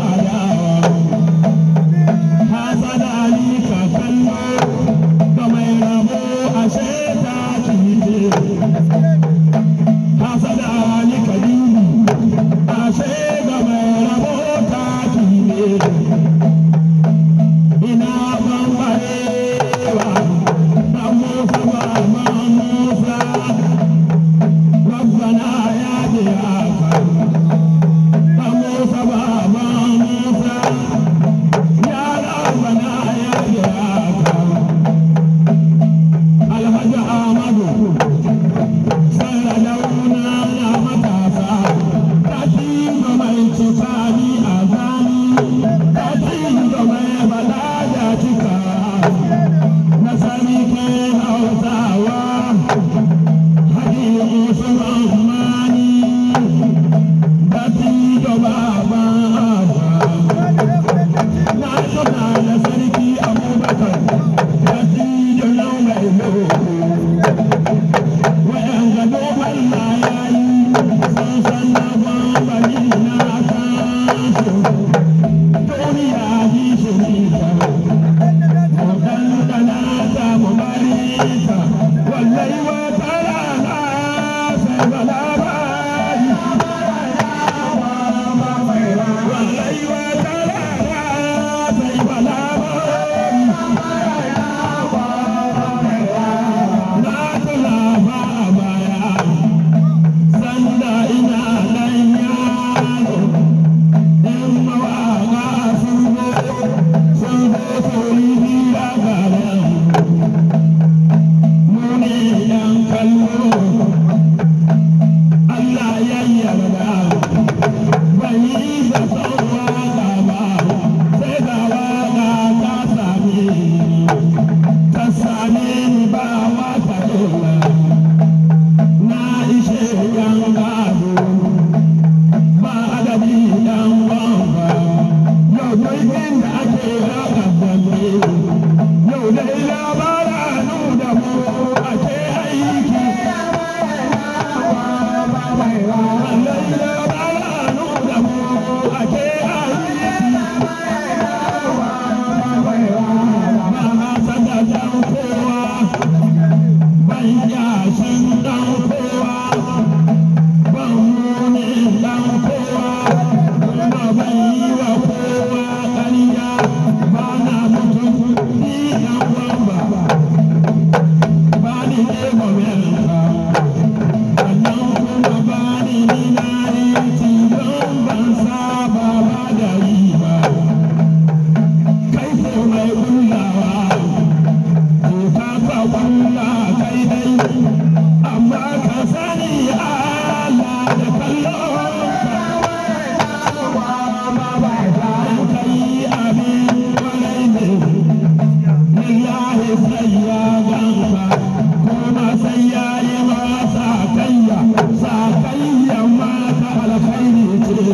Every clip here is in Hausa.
I am. Hasan Ali. Lord, إلا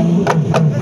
Thank you.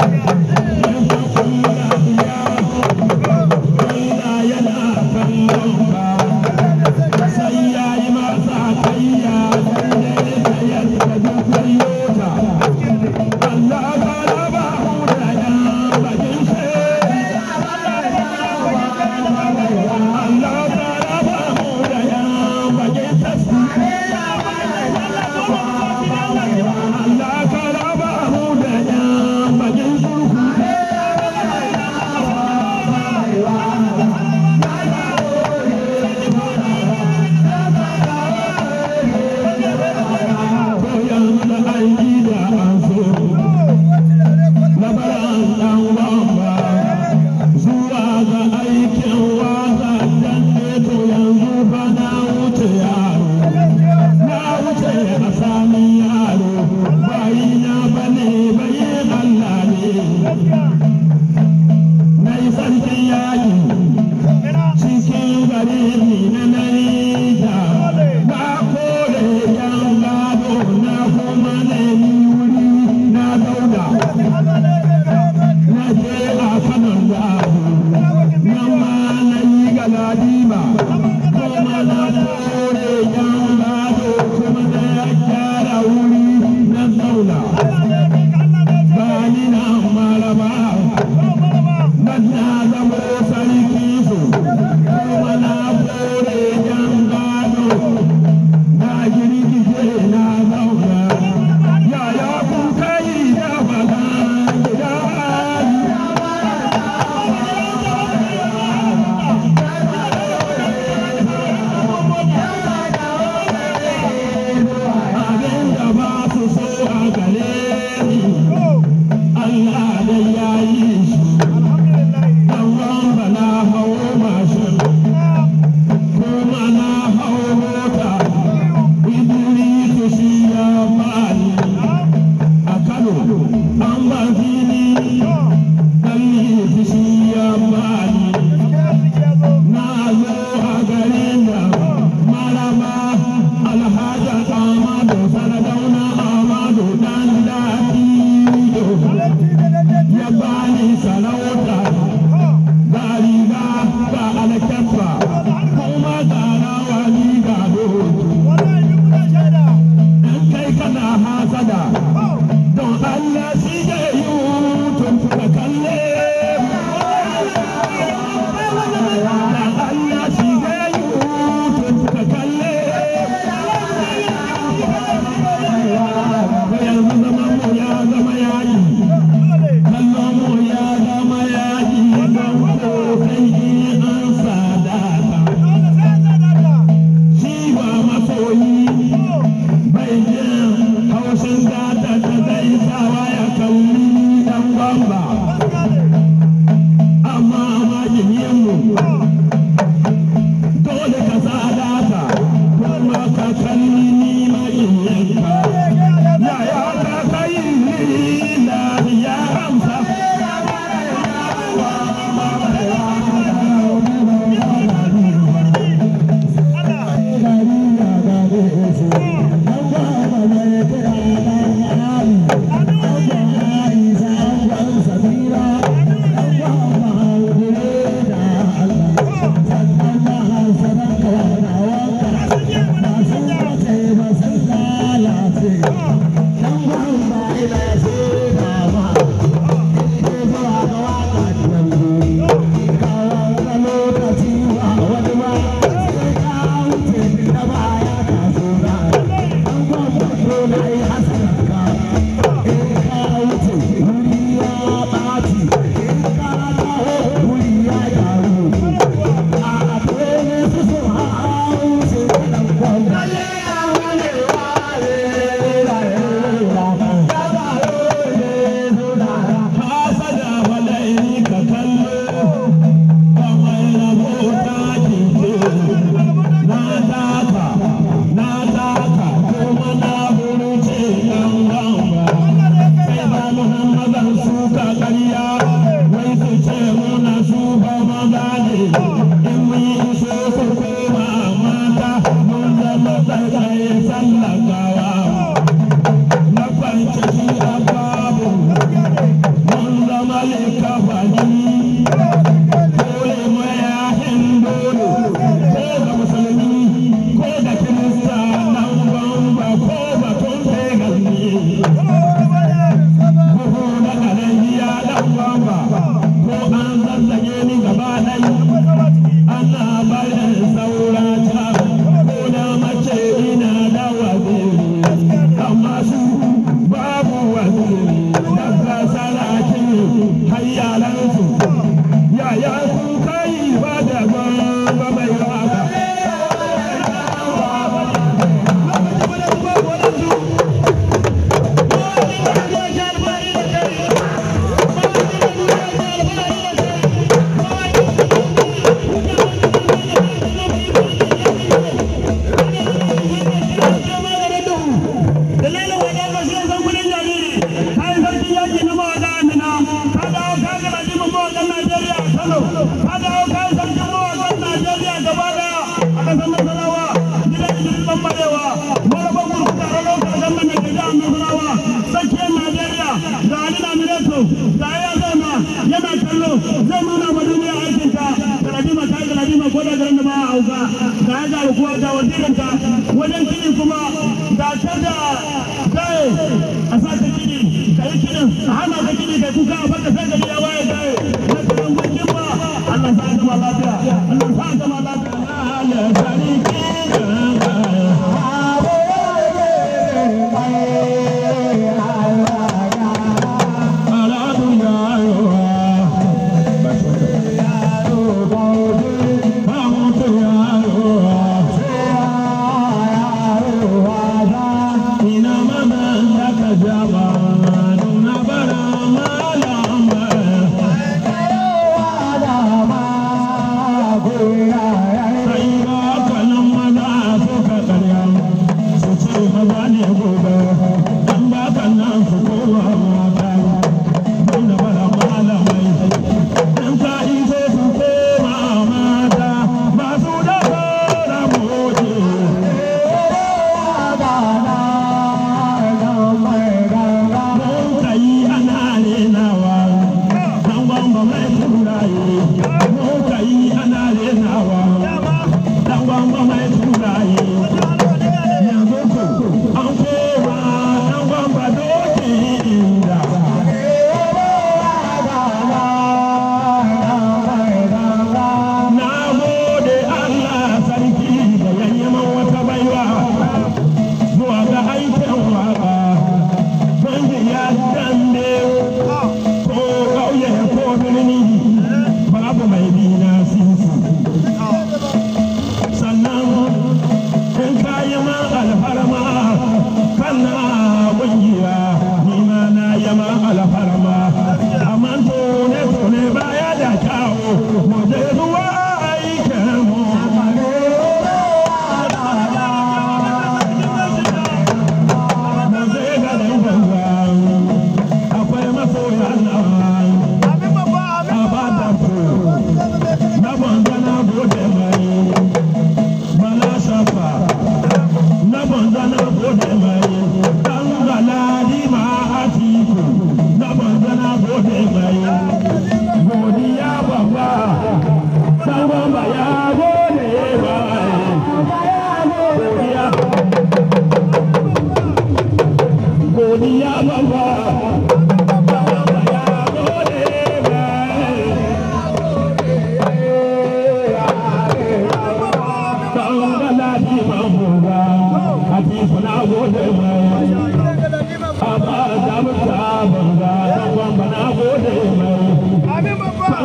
jihar kuwa da wazirinta wajen kiɗi kuma da ta da daye a sa ka kiɗi ka yi kiɗin a hana ka kiɗi kai kuka a baka sai da gida waye daye jama nawa dan gwangwa mai turaye yanzu ku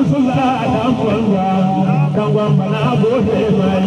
sun za a dan kwanza dan gwamba na mai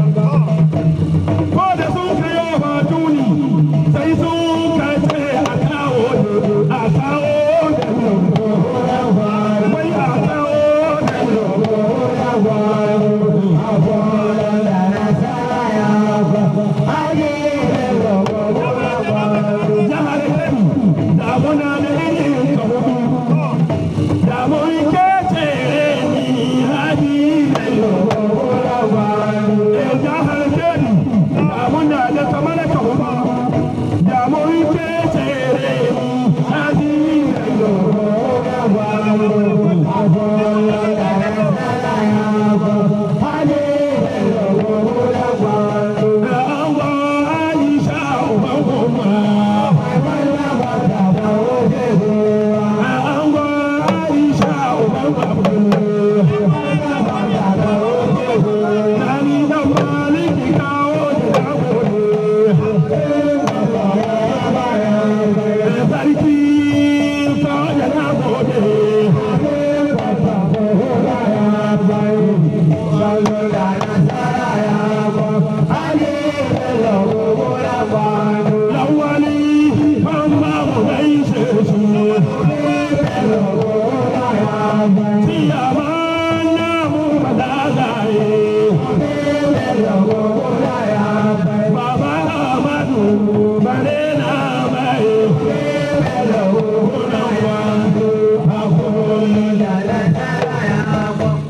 Aa. anlatamam